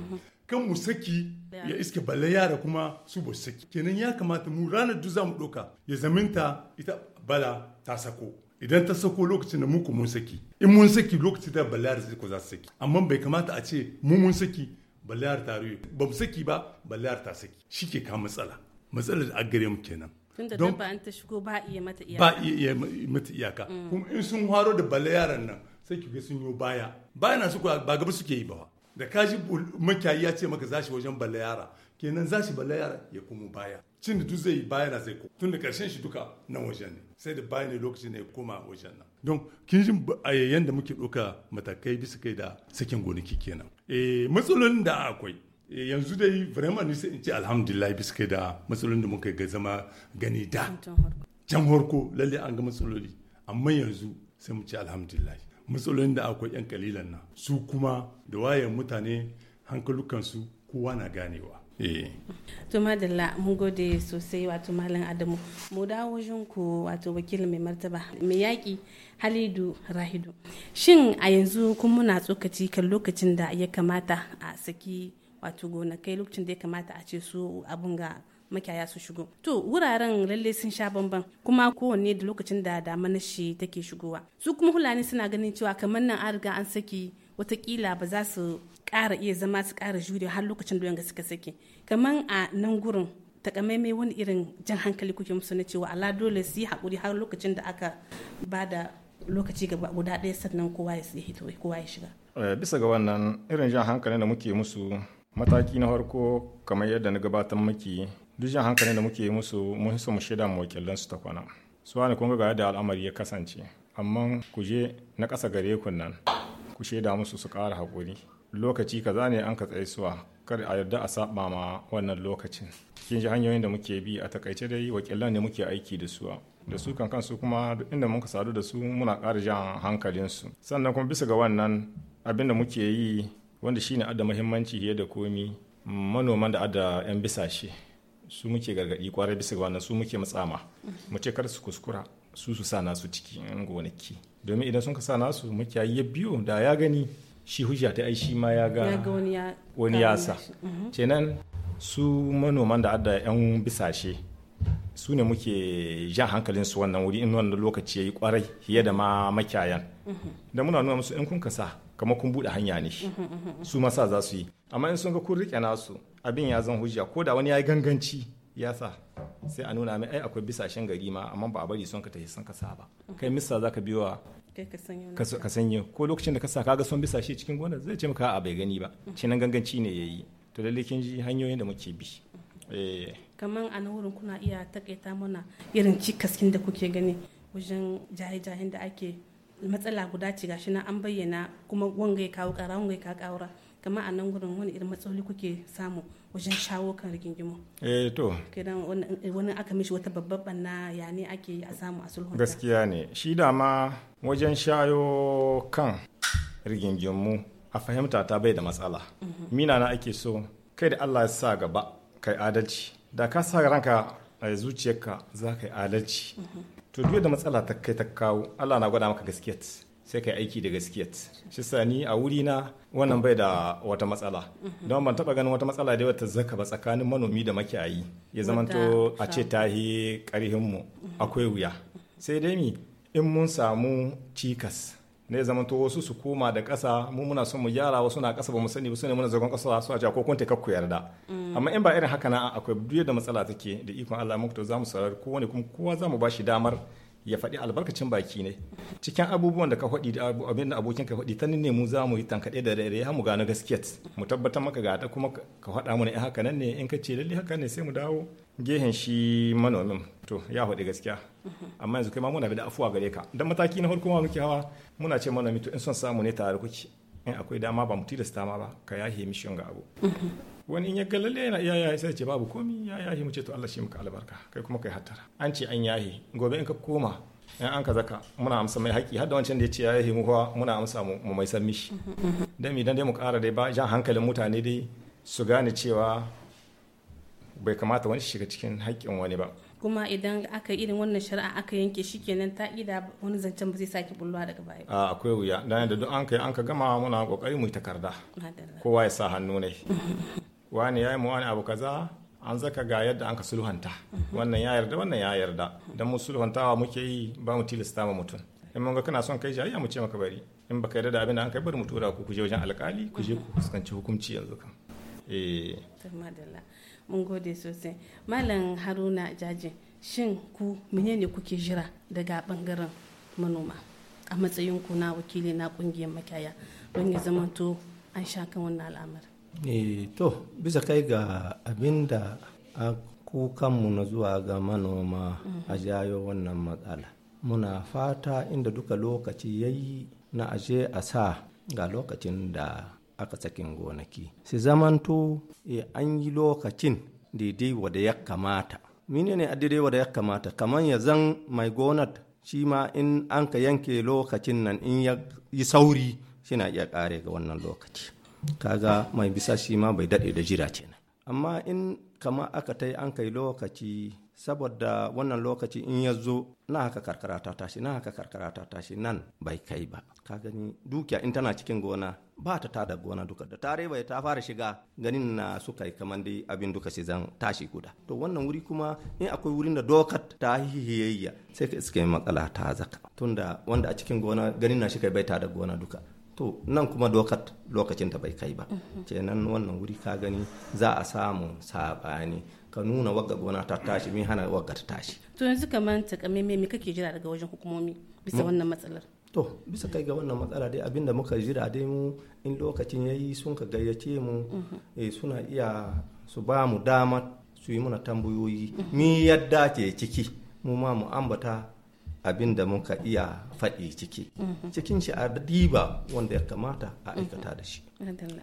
kan mu saki ya iske balle yara kuma su ba saki kenan ya kamata mu ranar duk za mu ɗauka ya zaminta ita bala ta sako idan ta sako lokacin da muku mun saki in mun saki lokacin da balle yara ko za su saki amma bai kamata a ce mu mun saki balle yara ta ba mu saki ba balle yara ta saki shi ke ka matsala matsalar da aggare mu kenan tunda dabba an ta shigo ba iya mata iyaka ba iya mata iyaka mm. kuma in sun haro da bala yaran nan sai ki ga sun yo baya baya na su ba gaba suke yi ba da kaji makiyayi ya ce maka shi wajen bala yara kenan zashi bala yara ya kuma baya cin da duk zai baya na zai ko tun da karshen shi duka nan wajen ne sai da baya ne lokacin ne koma wajen nan don kin jin da muke ɗauka matakai bisa kai da sakin gonaki kenan eh matsalolin da akwai Eh, yanzu dai vraiment ni sai in ci alhamdulillah biske da matsalolin da muka ga zama gani da can harko lalle an ga matsaloli amma yanzu sai mu ce alhamdulillah matsalolin da akwai yan kalilan nan su kuma da wayan mutane hankalukansu kowa na ganewa eh. to madalla mun gode sosai wato malam adamu mu dawo wajen ku wato wakilin mai martaba mai yaƙi halidu rahidu shin a yanzu kun muna tsokaci kan lokacin da ya kamata a saki wato gonakai lokacin da ya kamata a ce su abun ga makiyaya su shigo to wuraren lalle sun sha bamban kuma kowanne da lokacin da na shi take shigowa su kuma hulani suna ganin cewa kamar nan an riga an saki watakila ba za su ƙara iya zama su ƙara jure har lokacin doyon suka sake kamar a nan gurin takamaimai wani irin jan hankali kuke musu na cewa ala dole su yi haƙuri har lokacin da aka ba da lokaci gaba guda ɗaya sannan kowa ya hito kowa ya shiga eh, bisa ga wannan irin jan hankalin da muke musu mataki na farko kamar yadda na gabatar maki duk jan hankalin da muke musu mun su mu shaida mu wakilan su ta kwana su wani kun ga yadda al'amari ya kasance amma ku je na kasa gare ku nan ku shaida musu su ƙara hakuri. lokaci kaza ne an ka tsaye suwa kar a yarda a saba ma wannan lokacin kin ji hanyoyin da muke bi a takaice dai wakilan ne muke aiki da su da su kan kansu kuma duk inda muka sadu da su muna ƙara jan hankalinsu sannan kuma bisa ga wannan abinda muke yi wanda shine ada mahimmanci fiye da komi manoman da ada yan bisa shi su muke gargadi kwarai bisa ga wannan su muke matsama mu ce kar su kuskura su su sa nasu ciki in gonaki domin idan sun ka sa nasu muke ya biyo da ya gani shi hujja ta ai shi ma ya ga wani ya sa mhm. kenan su manoman da ada yan bisa shi su ne muke ja hankalin su wannan wuri in wannan lokaci yayi kwarai fiye da ma makiyayan mhm. da muna nuna musu in kun ka sa kamar kun buɗe hanya ne mhm, mhm, mhm, su masa za su yi amma in sun ga kun riƙe nasu abin ya zan hujja ko da wani ya yi ganganci ya sa sai a nuna mai ai akwai bisashen gari ma amma ba a bari son ka tafi son ka sa ba kai mista za ka biyo ka sanya ko lokacin da ka sa kaga son bisashe cikin gonar zai ce maka a bai gani ba cinan ganganci ne ya yi. to lalle kin ji hanyoyin da muke bi eh. kamar a nan wurin kuna iya takaita mana irin cikaskin da kuke gani wajen jahe-jahen da ake matsala guda ce gashi na an bayyana kuma wanga ya kawo ƙara wanga ya kawo ƙaura kamar a nan gudun wani irin matsaloli kuke samu wajen shawo kan rigingimu eh to kidan wani aka mishi wata babbar banna ya ne ake yi a samu a sulhunta. gaskiya ne shi dama wajen shayo kan rigingimu a fahimta ta bai da matsala mhm. mina na ake so kai da Allah ya sa gaba kai adalci da ka sa ranka a zuciyarka za ka yi adalci mhm. to duk da matsala ta kai ta kawo Allah na gwada maka gaskiyat sai kai aiki da gaskiyat shi sa ni a wuri na wannan bai da wata matsala mhm. don ban taba ganin wata matsala da wata zaka ba tsakanin manomi da makiyayi ya zamanto a ce tahi karihin mu mhm. akwai wuya mhm. sai dai mi in mun samu cikas ne zaman to wasu su koma da ƙasa mu muna son mu gyara wasu na ƙasa ba mu sani ba su ne muna zagon ƙasa su a ko kun take ku yarda mm. amma in ba irin haka na akwai duk da matsala take da ikon Allah mu to za mu saurari kowane kuma kowa za mu ba shi damar ya faɗi albarkacin baki ne cikin abubuwan da ka faɗi abin da abokin ka faɗi ta ne mu za mu yi tankaɗe da rere ya mu gano gaskiya mu tabbatar maka ga ta kuma ka faɗa mana in haka nan ne in ka ce lalle haka ne sai mu dawo gehen shi manomin to ya faɗi gaskiya amma yanzu kai ma muna da afuwa gare ka dan mataki na farko ma muke hawa muna ce manomi to in son samu ne tare kuke in akwai dama ba mu tilasta ma ba ka yahe mishin ga abu wani in ya ga lalle yana iya yaya sai ce babu komi ya yahi mu ce to Allah shi muka albarka kai kuma kai hattara an ce an yahi gobe in ka koma in an ka zaka muna amsa mai haƙi har da wancan da ya ce ya yahi mu muna amsa mu mai san mishi dan idan dai mu ƙara dai ba jan hankalin mutane dai su gane cewa bai kamata wani shiga cikin haƙƙin wani ba kuma idan aka irin wannan shari'a aka yanke shi kenan ta ida wani zancen ba zai sake bulwa daga baya a akwai wuya dan da duk an kai an ka gama muna kokari mu yi takarda kowa ya sa hannu ne wani ya yi mu wani abu kaza an zaka ga yadda an ka sulhanta wannan ya yarda wannan ya yarda dan mu sulhantawa muke yi ba mu tilasta ma mutum in mun ga kana son kai jayya mu ce maka bari in baka yarda da abin da an kai bari mu tura ku kuje wajen alkali ku je ku fuskanci hukunci yanzu kan eh mun gode sosai malam haruna jaje shin ku menene kuke jira daga bangaren manoma a matsayin ku na wakili na kungiyar makaya don ya zamanto an sha kan wannan al'amarin e to bisa kai ga abin da a kukanmu na zuwa ga manoma a jayo wannan matsala muna fata inda duka lokaci ya yi na ashe a sa ga lokacin da aka sakin gonaki su zamanto e, an yi lokacin daidai wada ya kamata mine ne daidai wada ya kamata kamar ya zan mai gonar shi ma in an ka yanke lokacin nan in yi sauri suna iya kare ga wannan lokaci kaga mai bisa shi ma bai daɗe da jira ce amma in kama aka ta yi an kai lokaci saboda wannan lokaci in ya zo na haka karkara ta tashi na haka karkara ta tashi nan bai kai ba ka gani dukiya in tana cikin gona ba ta tada gona duka da tare bai ta fara shiga ganin na suka yi kamar dai abin duka sai zan tashi guda to wannan wuri kuma in akwai wurin da dokar ta hihiyayya sai ka iske matsala ta zaka tunda wanda a cikin gona ganin na shi kai bai tada gona duka to nan kuma lokacin da bai kai ba kenan wannan wuri ka gani za a samu sabani ka nuna wagga gona ta tashi min hana wagga ta tashi to yanzu kamar takamaimai me kake jira daga wajen hukumomi bisa hmm. wannan matsalar to bisa kai ga wannan matsala dai abinda muka jira dai mu in lokacin yayi sun ka gayyace mu hmm. eh, suna iya su ba mu dama su yi muna tambayoyi hmm. mi yadda ke ciki mu ma mu ambata abin da muka iya faɗi ciki mhm. cikin shi a diba wanda ya kamata a mhm. aikata da shi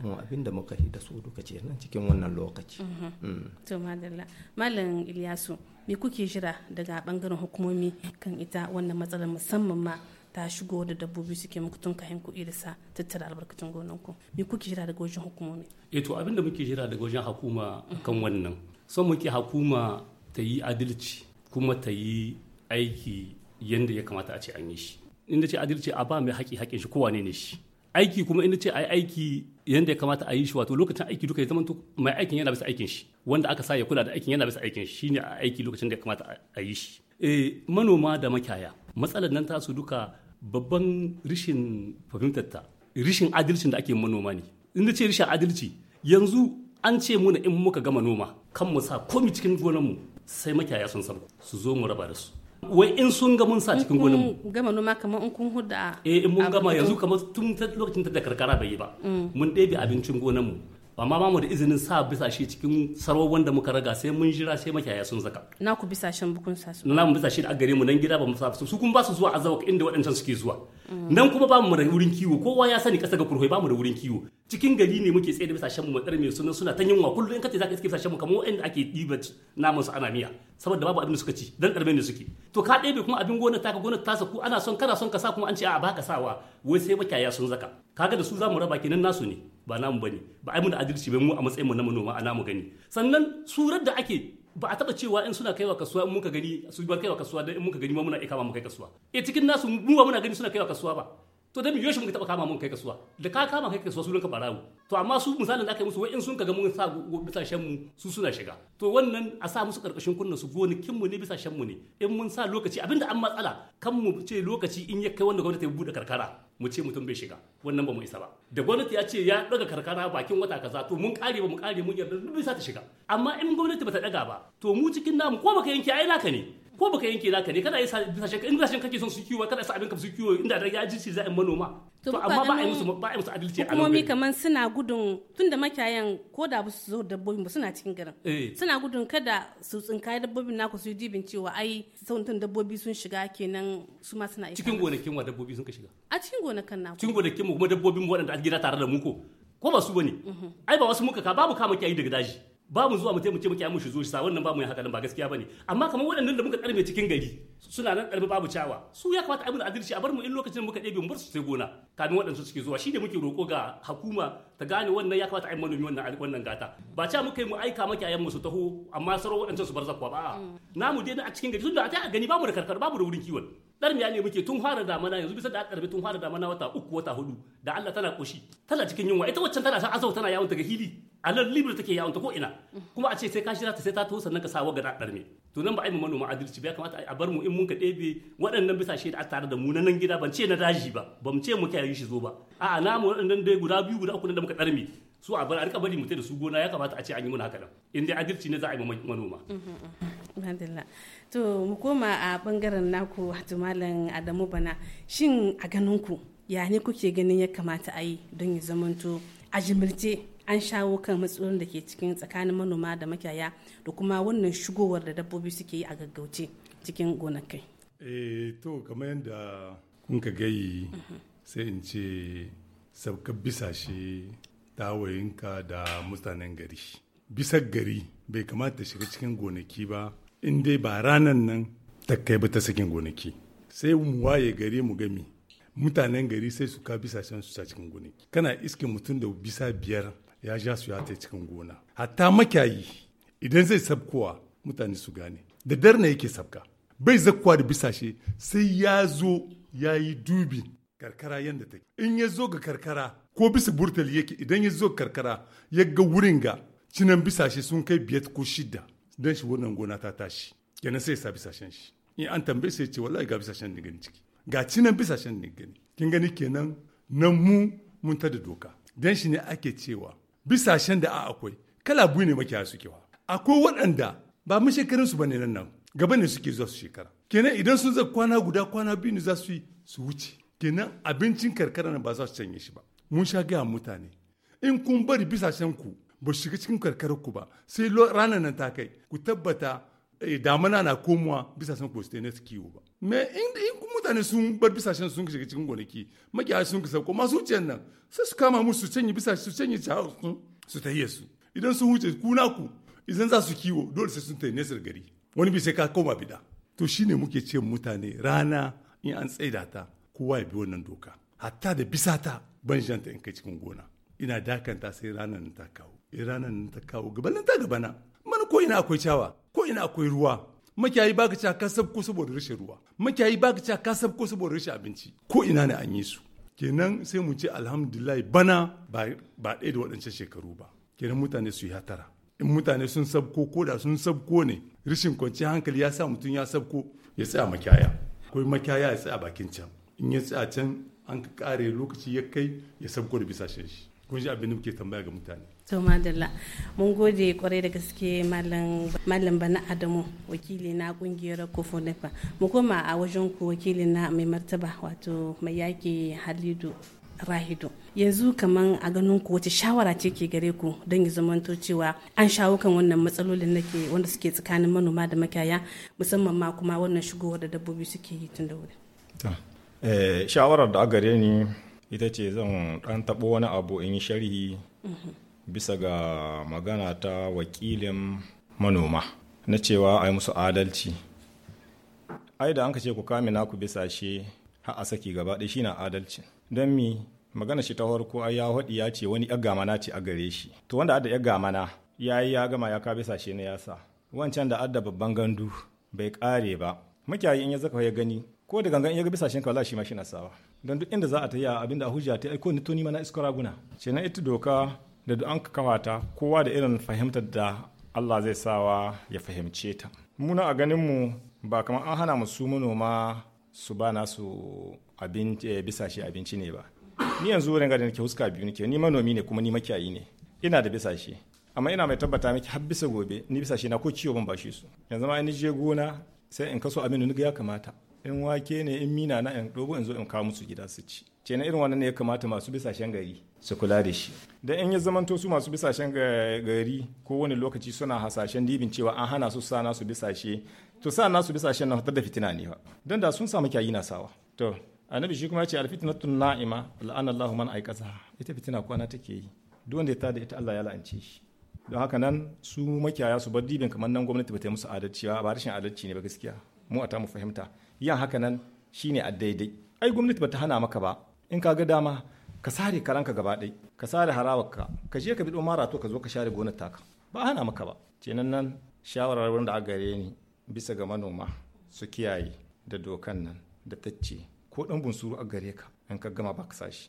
mu abin da muka yi da su duka ce nan cikin wannan lokaci mhm. mm. to madalla malam iliyasu me kuke jira daga bangaren hukumomi kan ita wannan matsalar musamman ma ta shigo da dabbobi suke muku tun kayan kuɗi da sa tattara albarkatun ku. me kuke jira daga wajen hukumomi eh to abin da muke jira daga wajen hukuma kan wannan son muke hukuma ta yi adalci kuma ta yi aiki yadda ya kamata a ce an yi shi inda ce adalci a ba mai haƙi haƙin shi kowane ne shi aiki kuma inda ce ai aiki yadda ya kamata a yi shi wato lokacin aiki duka ya zama mai aikin yana bisa aikin shi wanda aka sa ya kula da aikin yana bisa aikin shi shine a aiki lokacin da ya kamata a yi shi eh manoma da makiyaya matsalar nan ta su duka babban rishin fahimtar ta rishin adalcin da ake manoma ne inda ce rishin adalci yanzu an ce muna in muka gama noma kan mu sa komi cikin gonar mu sai makiyaya sun san su zo mu raba da su wai in sun ga mun sa cikin gonin mu gama noma kamar in kun huda eh mun gama yanzu kamar tun lokacin da karkara bai yi ba mm. mun ɗebe abincin gonan mu amma ba mu da izinin sa bisa shi cikin sarwar da muka raga sai mun jira sai makiyaya sun zaka na ku bisa shin bukun sa su na mu bisa shi da gare mu nan gida ba mu sa su kun ba su zuwa azawak inda waɗancan suke zuwa nan kuma ba mu da wurin kiwo kowa ya sani kasa ga kurhoi ba mu da wurin kiwo cikin gari ne muke tsaye da bisa shan mu matsar mai suna suna ta yunwa kullum in kace zaka iske bisa shan mu kamar wanda ake diba naman su ana miya saboda babu abin da suka ci dan karbe ne suke to ka ɗebe kuma abin gonar taka gonar tasa ku ana son kana son ka sa kuma an ce a ba ka sawa wai sai makiyaya sun zaka kaga da su za mu raba kenan nasu ne ba namu bane ba ai da adalci ba mu a matsayin mu na manoma a namu gani sannan surar da ake ba a taba cewa in suna kaiwa kasuwa in muka gani su ba kaiwa kasuwa dan in muka gani ma muna aika ma mu kai kasuwa e cikin nasu mu ba muna gani suna kaiwa kasuwa ba to da miyo shi mun taba kama mun kai kasuwa da ka kama kai kasuwa sunan ka barawo to amma su misalin da aka yi musu wai in sun kaga mun sa bisa shan mu su suna shiga to wannan a sa musu karkashin kunna su gonakin mu ne bisa shan mu ne in mun sa lokaci abinda an matsala kan mu ce lokaci in ya kai wanda gwamnati ya bude karkara mu ce mutum bai shiga wannan ba mu isa ba da gwamnati ya ce ya daga karkara bakin wata kaza to mun kare ba mu kare mun yarda bai sa ta shiga amma in gwamnati ba ta daga ba to mu cikin namu ko baka yanke ai naka ne ko baka yanke naka ne kana yasa bisashen in bisashen kake son su kiwo kana sa abin ka su kiwo inda da yajinci za a manoma to amma ba a musu ba a musu adalci a hukumomi kaman suna gudun tunda makiyayan ko da ba su zo dabbobin ba suna cikin garin eh. suna gudun kada su tsinkaye dabbobin naku su yi dibin cewa ai sautin dabbobi sun shiga kenan su ma suna cikin gonakin wa dabbobi sun ka shiga a cikin gonakan naku cikin gonakin mu kuma dabbobin mu waɗanda a gida tare da mu ko ko ba su bane mhm. ai ba wasu muka ka babu kama kiyayi daga daji ba mu zuwa mu taimake muke mushi zuwa sa wannan ba mu yi haka ba gaskiya bane amma kamar waɗannan da muka karbe cikin gari suna nan karbe babu cawa su ya kamata a yi adalci a bar mu in lokacin muka ɗebe mu bar su sai gona kamin waɗansu suke zuwa shi da muke roƙo ga hakuma. ta gane wannan ya kamata a yi manomi wannan wannan gata ba cewa muka yi mu aika a mu su taho amma sauran waɗancan su bar zakwa ba mm. namu dai a cikin gari tunda a ta gani mu da karkar mu da wurin kiwon dar miya ne muke tun fara damana yanzu bisa da aka karbi tun fara damana wata uku wata hudu da Allah tana koshi tana cikin yunwa ita waccan tana san azau tana yawon daga hili a nan libra take yawon ta ko ina mm. kuma a ce sai ka shira ta sai ta taho sannan ka sa waga da me to nan ba a yi manoma adalci ba ya kamata a bar mu in mun ka ɗebe waɗannan shi da tare da mu na nan gida ban ce na daji ba ban ce mu kai shi zo ba a'a namu waɗannan dai guda biyu guda uku da muka ɗarmi su a bar a rika bari mutai da su gona ya kamata a ce an yi mana haka in dai adirci ne za a yi manoma mm, mm, mm. To mu koma a bangaren naku wato Malam Adamu Bana. Shin a ganin ku ya ne kuke ganin ya kamata a yi don ya zamanto a jimirce an shawo kan matsalolin da ke cikin tsakanin manoma da makiyaya da kuma wannan shigowar da dabbobi suke yi a gaggauce cikin gonakai. Eh to kamar yadda kun ka gayi mm-hmm. sai in ce sauka bisashe tawayinka da mutanen gari bisa gari bai kamata shiga cikin gonaki ba in dai ba ranan nan ta kai ba ta sakin gonaki sai mu waye gari mu gami mutanen gari sai su ka bisashen su cikin gonaki kana iskin mutum da bisa biyar ya ja su ya ta cikin gona hatta makiyayi idan zai sabkowa mutane su gane da darna yake sabka bai zakkowa da bisashe sai ya zo ya yi dubi karkara yadda take in ya zo ga karkara ko bisa burtali yake idan ya zo ga karkara ya ga wurin ga cinan bisashe sun kai biyar ko shida don shi wannan gona ta tashi kenan sai sa bisashen shi in an tambaye sai ce wallahi ga bisashen ne gani ciki ga cinan bisashen ne gani kin gani kenan nan mu mun ta da doka don shi ne ake cewa bisashen da a akwai kala biyu ne makiyaya suke wa akwai waɗanda ba mu shekarun su bane nan nan gaba ne suke zuwa su shekara kenan idan sun zai kwana guda kwana biyu ne za su yi su wuce kenan abincin karkara nan ba za su canye shi ba mun sha gaya mutane in kun bari bisashen ku ba su shiga cikin karkara ku ba sai ranar nan ta kai ku tabbata eh, damana na komowa bisashen ku su na kiwo ba me in kun mutane sun bar bisashen sun shiga cikin gonaki makiya sun kusa kuma masu wuciyar nan sai su kama musu su canye bisashen su canye su su ta su idan sun huce ku ku idan za su kiwo dole sai sun ta nesar gari wani bi sai ka koma bida to shine muke ce mutane rana in an tsaida ta kowa ya bi wannan doka hatta da bisa ta ban janta in kai cikin gona ina dakanta sai ranar ta kawo eh, ranar ta kawo gabanin ta gabana mana ko ina akwai cawa ko ina akwai ruwa makiyayi baka cewa ka sabko saboda rashin ruwa makiyayi baka cewa ka sabko saboda rashin abinci ko ina ne an yi su kenan sai mu ce alhamdulillah bana ba ɗaya da waɗancan shekaru ba kenan mutane su yi hatara in mutane sun sabko ko da sun sabko ne rashin kwanciyar hankali ya sa mutum ya sabko ya tsaya makiyaya akwai makiyaya ya tsaya bakin can in ya tsaya can an kare lokaci ya kai ya sabko da bisa shi kun shi abin da muke tambaya ga mutane to madalla mun gode kwarai da gaske malam bana adamu wakili na kungiyar kofo nefa mu koma a wajen ku wakili na mai martaba wato mai yaki halidu rahido yanzu kaman a ganin ku wace shawara ce ke gare ku don ya zamanto cewa an shawo kan wannan matsalolin ke wanda suke tsakanin manoma da makiyaya musamman ma kuma wannan shigowar da dabbobi suke yi tun da wuri Eh, shawarar da gare ni ita ce zan ɗan taɓo wani abu in yi sharhi bisa ga magana ta wakilin manoma na cewa a musu adalci ai da an ka ce ku kame naku bisa shi har a saki gaba ɗaya na adalci don mi magana shi ta farko ai ya haɗi ya ce wani yagga na ce a gare shi to wanda adda yagga na, ya yi ya gama ya ka bisa shi ne yasa wancan da adda babban gandu bai ƙare ba makiyayi in ya zaka ya gani ko da gangan yaga bisa shinka shi ma shi sawa don duk inda za a ta yi abinda hujja ta aiko ni to ni ma na iskura guna na ita doka da duk an kawata kowa da irin fahimtar da Allah zai sawa ya fahimce ta muna a ganin mu ba kamar an hana mu su manoma su ba na abinci eh, bisa abinci ne ba ni yanzu wurin ga da nake huska biyu nake ni manomi ne kuma ni makiyayi ne ina da bisa amma ina mai tabbata miki har bisa gobe ni bisa na ko ciwo ban bashi su yanzu ma ni je gona sai in kaso abin da ya kamata in wake ne in mina na in dogo in zo in kawo musu gida su ci na irin wannan ne ya kamata masu bisashen gari su kula da shi da in ya zamanto su masu bisashen gari ko wani lokaci suna hasashen dibin cewa an hana su sa nasu bisashe to sa nasu bisashen na fitar da fitina ne ba don da sun samu kyayi na sawa to annabi shi kuma ya ce alfitnatun na'ima la'ana Allahu man aikata ita fitina kwana take yi duk wanda ya tada ita Allah ya la'ance shi don haka nan su makiyaya su bar dibin kamar nan gwamnati ba ta yi musu adalci ba ba rashin adalci ne ba gaskiya mu a ta mu fahimta yan haka nan shine a daidai ai gwamnati ba ta hana maka ba in ka ga dama ka sare karanka gaba ɗai ka sare harawarka ka je ka bi mara to ka zo ka share gonar taka ba hana maka ba kenan nan shawarar wanda a gare ni bisa ga manoma su kiyaye da dokan nan da tacce ko dan bunsuru a gare ka in ka gama ba ka sashi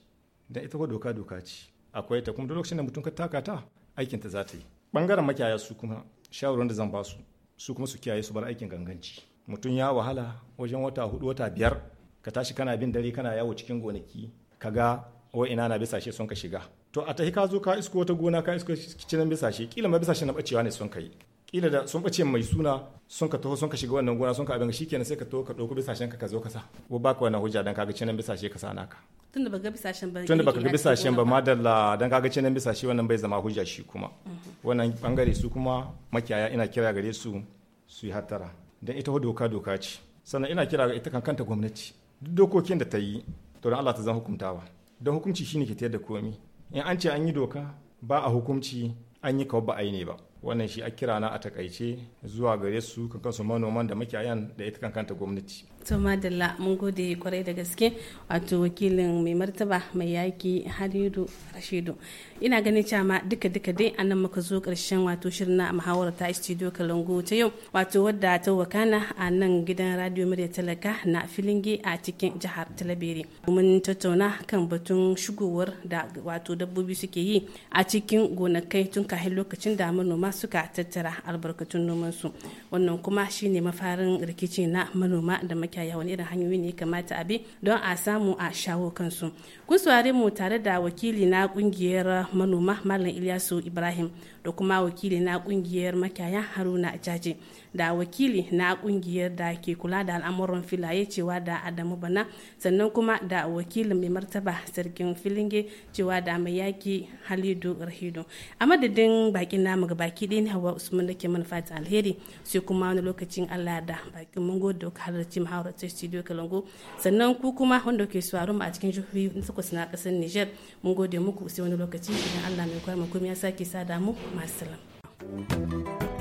dan ita ko doka doka ce akwai ta kuma duk lokacin da mutum ka taka ta aikin ta za ta yi bangaren makiyaya su kuma shawarar da zan ba su su kuma su kiyaye su bar aikin ganganci mutum ya wahala wajen wata hudu wata biyar ka tashi kana bin dare kana yawo cikin gonaki ka ga ina na bisashe sun ka shiga to a tahi ka zo ka isko wata gona ka isko cikin bisashe kila ma bisashe na bacewa ne sun ka yi kila da sun bace mai suna sun ka taho sun ka shiga wannan gona sun ka abin shikenan sai ka taho ka dauko bisashen ka ka zo ka sa wa baka wannan hujja dan kaga cinan bisashe ka sa naka tunda baka ga bisashen ba tunda baka bisashen ba madalla dan kaga cinan bisashe wannan bai zama hujja shi kuma mhm. wannan bangare su kuma makiyaya ina kira gare su su yi hattara dan ita doka doka ce sannan ina kira ga ita kankanta gwamnati duk dokokin da ta yi to don Allah ta zan hukuntawa don hukunci shine ke tayar da komi in an ce an yi doka ba a hukunci an yi kawai ba a yi ne ba wannan shi a kira na a takaice zuwa gare su kankan su manoman da makiyayan da ita kankanta gwamnati to madalla mun gode kwarai da gaske wato wakilin mai martaba mai yaki halidu rashidu ina ganin cewa duka duka dai anan muka zo karshen wato shirin na muhawara ta studio kalango ta yau wato wadda ta wakana a nan gidan radio murya talaka na filinge a cikin jihar talabere mun tattauna kan batun shigowar da wato dabbobi suke yi a cikin gonakai tun kafin lokacin da manoma suka tattara albarkatun nomansu wannan kuma shine mafarin rikici na manoma da ya wani irin hanyoyi ne kamata a bi don a samu a shawo kansu kun mu tare da wakili na ƙungiyar manoma malam ilyasu ibrahim da kuma wakili na kungiyar makiyaya haruna jaje da wakili na kungiyar da ke kula da al'amuran filaye cewa da adamu bana sannan kuma da wakilin mai martaba sarkin filinge cewa da mai yaki halidu rahido a madadin bakin namu ga baki ɗaya ne hawa usman da ke manufata alheri sai kuma wani lokacin allah da bakin mun gode da halarci mahaurar studio kalango sannan ku kuma wanda ke suwarun a cikin jihohi takwas na ƙasar niger mun gode muku sai wani lokaci idan allah mai kwaya kuma ya sake sada mu masu